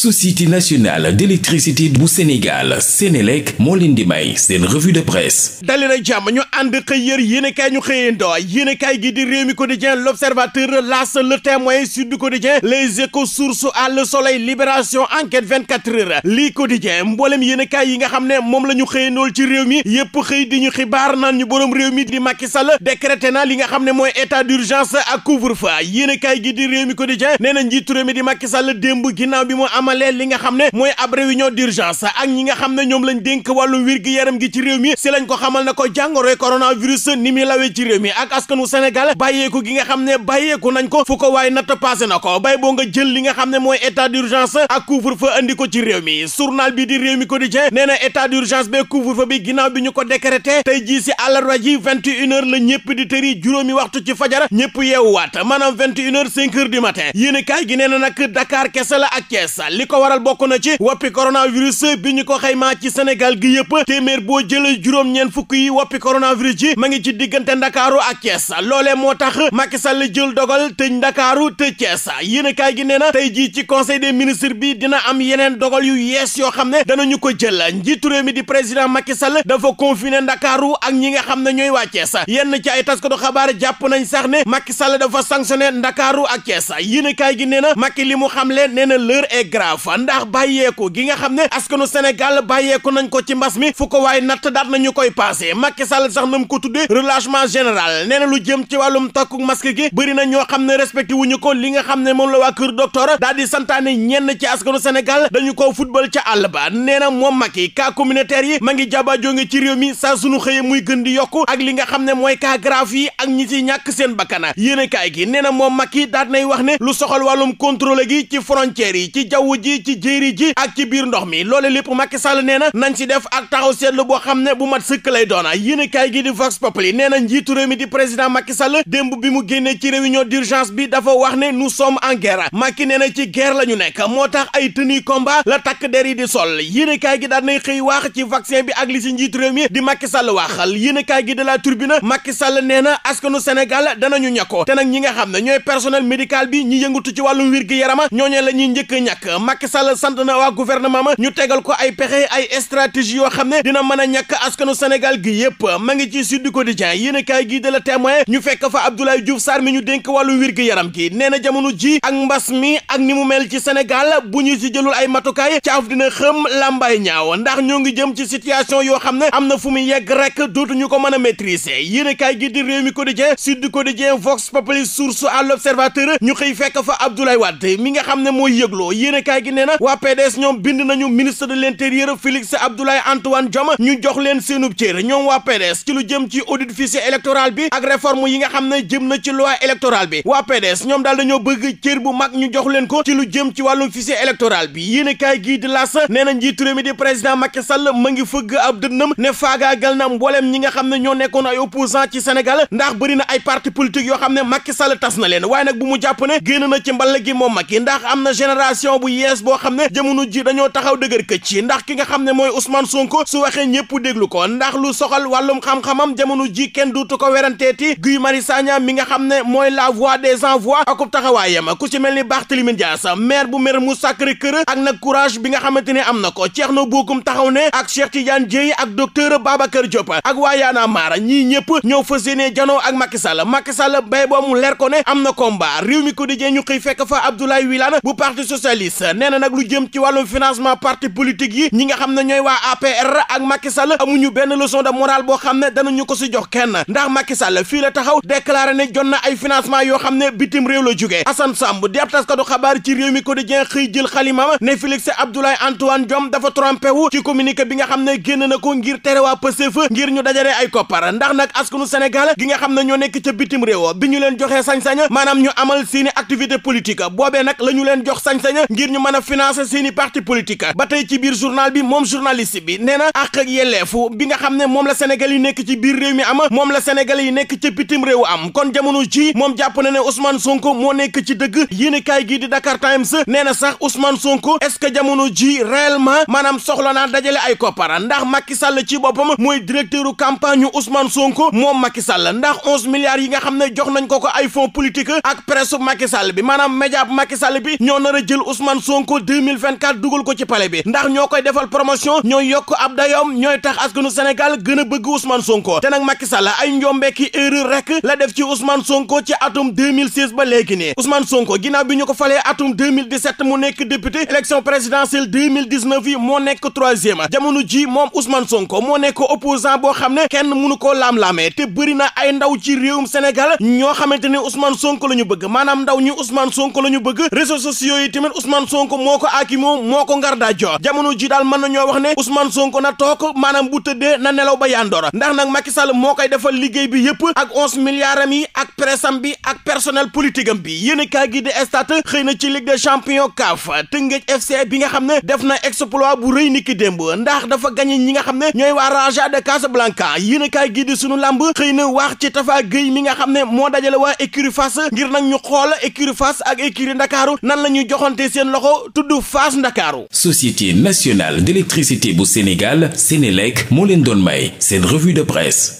société nationale d'électricité bu Sénégal Sénélec moo leen di may seen revue de presse dali na jàmm ñu ànd xëy yër yéenekaay ñu xëyandoo yéenekaay gi di Rewmi Quotidien L'Observateur L'As Le Témoin Sud Quotidien Les Échos Source Le Soleil Libération Enquête 24 heures lii Quotidien mboolem yéenekaay yi nga xam ne moom la ñu xëyandool ci réew mi yépp xëy di ñu xibaar naan ñu boroom réew mi di Macky Sall décrété li nga xam ne mooy état d'urgence ak couvre-feu yéenekaay gi di bi amalee li nga xam ne mooy ab réunion d'urgence ak ñi nga xam ne ñoom lañ dénk wàllum wér yaram gi ci réew mi si lañ ko xamal ne ko jàngoroy coronavirus ni muy lawee ci réew mi ak askanu Sénégal bàyyeeku gi nga xam ne bàyyeeku nañ ko fu ko waaye natt passé na ko bay boo nga jël li nga xam ne mooy état d'urgence ak couvre-feu andi ko ci réew mi journal bi di réew mi quotidien nee na état d'urgence bee couvre-feu bi ginnaaw bi ñu ko décrété tey jii si àllarba ji vingt la ñëpp di tëri juróomi waxtu ci fajar ñëpp yeewuwaat maanaam vingt et une heures cinq heures du gi nee na nag Dakar kese la ak Thiès li ko waral bokk na ci woppi coronavirus bi ñu ko xaymaa ci Sénégal gi yëpp téeméer boo jëlee juróom-ñeent fukk yi woppi coronavirus ji ma ngi ci diggante Ndakaaru ak Thiès loolee moo tax Macky Sall jël dogal tëj Ndakaaru tëj Thiès yéenekaay gi nee na tey jii ci conseil des ministres bi dina am yeneen dogal yu yees yoo xam ne danañu ko jël njiitu réew mi di président Macky Sall dafa confiné Ndakaaru ak ñi nga xam ne ñooy waa Thiès yenn ci ay taskatu xabaar jàpp nañ sax ne Macky Sall dafa sanctionné Ndakaaru ak Thiès yéenekaay gi nee na Macky li mu xamle nee na l'heure est grave graaf ndax bàyyeeku gi nga xam ne askanu Sénégal bàyyeeku nañ ko ci mbas mi fu ko waaye natt daat nañu koy passé Macky Sall sax na mu ko tuddee relâchement général nee na lu jëm ci wàllum takku masque gi bëri na ñoo xam ne respecté wuñu ko li nga xam ne moom la waa kër docteur daal di santaane ñenn ci askanu Sénégal dañu ko football ca àll ba nee na moom Macky cas communautaire yi ma ngi jaba jonge ci réew mi saa sunu xëye muy gën di yokk ak li nga xam ne mooy cas grave yi ak ñi ci ñàkk seen bakkana yéen a kaay gi nee na moom Macky daat nay wax ne lu soxal wàllum contrôle gi ci frontières yi ci jaww ji ci jéeri ji ak ci biir ndox mi loole lépp Macky Sall nee na nañ si def ak taxaw seetlu boo xam ne bu mat sëkk lay doona yéen kaay gi di Vox Populi nee na njiitu réew mi di président Macky Sall démb bi mu génnee ci réunion d'urgence bi dafa wax ne nous sommes en guerre Macky nee na ci guerre la ñu nekk moo tax ay tenue combat la takk der yi di sol yéen kaay gi daan nay xëy wax ci vaccin bi ak li si njiitu réew mi di Macky Sall waxal yéen kaay gi de la Tribune Macky Sall nee na askanu Sénégal danañu ñàkkoo te nag ñi nga xam ne ñooy personnel bi ñi yëngatu ci wàllum wér yarama ñooñu la ñuy njëkk ñàkk Macky Sall sant na waa gouvernement ma ñu tegal ko ay pexe ay stratégie yoo xam ne dina mën a ñàkk askanu Sénégal gi yëpp ma ngi ci Sud Quotidien yéen a kaay gii de la témoin ñu fekk fa Abdoulaye Diouf Sarr mi ñu dénk wàllu wér gi yaram gi nee na jamono ji ak mbas mi ak ni mu mel ci Sénégal bu ñu ci jëlul ay matukaay caaf dina xëm làmbaay ñaaw ndax ñoo ngi jëm ci situation yoo xam ne am na fu mu yegg rek dootu ñu ko mën a maîtriser yéen a kaay gii di réew mi quotidien Sud Quotidien Vox Populi source à l'observateur ñu xëy fekk fa Abdoulaye Wade mi nga xam ne mooy yëgloo kaay gi nee na waa PDS ñoom bind nañu ministre de l'intérieur Félix Abdoulaye Antoine Diome ñu jox leen seenub cër ñoom waa PDS ci lu jëm ci audit fichier électoral bi ak réforme yi nga xam ne jëm na ci loi électorale bi waa PDS ñoom daal dañoo bëgg cër bu mag ñu jox leen ko ci lu jëm ci wàllum fichier électoral bi yéene kaay gii di las nee na njiitu réew mi di président Macky Sall ma ngi fëgg ab dënnam ne faagaagal na mbooleem ñi nga xam ne ñoo nekkoon ay opposant ci Sénégal ndax bëri na ay parti politique yoo xam ne Macky Sall tas na leen waaye nag bu jàpp ne génn na ci mball gi moom Macky ndax am na génération bu PDS boo xam ne jamono ji dañoo taxaw dëgër këcc ndax ki nga xam ne mooy Ousmane Sonko su waxee ñëpp déglu ko ndax lu soxal wàllum xam-xamam jamono ji kenn duutu ko weranteeti Guy Marius Sagna mi nga xam ne mooy la de san sans voix taxawaaye ma ku ci mel ni Barthélémy Dias maire bu maire mu Sacré-Cœur ak nag courage bi nga xamante ne am na ko Thierno Bocoum taxaw ne ak Cheikh Tidiane Dièye ak docteur Babacar Diop ak waa Y'en a marre ñii ñëpp ñëw fas yéene ak Macky Sall Macky Sall bay boo mu leer ko ne am na combat fekk fa Abdoulaye Wilane bu nee na nag lu jëm ci wàllum financement parti politique yi ñi nga xam ne ñooy waa APR ak Macky Sall amuñu benn leçon de morale boo xam ne danañu ko si jox kenn ndax Macky Sall fii la taxaw déclaré ne jot na ay financement yoo xam ne bitim réew la jógee Assane Samb di ab taskatu xabaar ci réew mi quotidien xëy jël xalimam ne Félix Abdoulaye Antoine Diome dafa trompé wu ci communiqué bi nga xam ne génn na ko ngir tere waa Pastef ngir ñu dajale ay koppar ndax nag askanu Sénégal gi nga xam ne ñoo nekk ca bitim réew bi ñu leen joxee sañ maanaam ñu amal seeni activité politique boobee nag la ñu leen jox sañ-sañ ngir ñu mën a seeni parti politique ba tey ci biir journal bi moom journaliste bi nee na àq ak yelleefu bi nga xam ne moom la Sénégal yi nekk ci biir réew mi am moom la Sénégal yi nekk ci bitim réew am kon jamono ji moom jàpp na ne Ousmane Sonko moo nekk ci dëgg yéenekaay gii di Dakar Times nee na sax usman Sonko est-ce que jamono ji réellement maanaam soxla naa dajale ay koppara ndax Macky Sall ci boppam mooy directeuru campagne Ousmane Sonko moom Macky Sall ndax onze milliards yi nga xam ne jox nañ ko ko ay fonds politique ak presse Macky Sall bi maanaam média Macky Sall bi ñoo nar a jël Ousmane Sonko 2024 dugal ko ci palais bi ndax ñoo koy defal promotion ñooy yokk ab dayoom ñooy tax askanu Sénégal gën a bëgg Ousmane Sonko te nag Macky Sall ay njombeeki erreur rek la def ci Ousmane Sonko ci atum 2016 ba léegi nii Ousmane Sonko ginnaaw bi ñu ko falee atum 2017 mu nekk député élection présidentielle 2019 yi moo nekk troisième jamono ji moom Ousmane Sonko moo nekk opposant boo xam ne kenn mënu koo laam-laamee te bëri na ay ndaw ci réewum Sénégal ñoo xamante ni Ousmane Sonko la ñu bëgg maanaam ndaw ñi Ousmane Sonko la ñu bëgg Sonko moo ko aaki moom moo ko ngar daa joor jamono ji daal mën na ñoo wax ne Ousmane Sonko na toog maanaam bu tëddee na nelaw ba yandoor ndax nag Macky moo koy defal liggéey bi yëpp ak onze milliards am yi ak pressam bi ak personnel politique bi yéen a kaay gi xëy na ci Ligue des champions CAF FC bi nga xam ne def na exploit bu rëy niki démb ndax dafa gagné ñi nga xam ne ñooy waa Raja de Casablanca yéen a kaay gi di sunu làmb xëy na wax ci Tafa Gueye mi nga xam ne moo dajale waa écurie Fass ngir nag ñu xool écurie Fass ak écurie Ndakaaru nan la ñuy ko tudd Fass Ndakaaru Société nationale d'électricité bu Sénégal Sénélec moo leen doon may seen revue de presse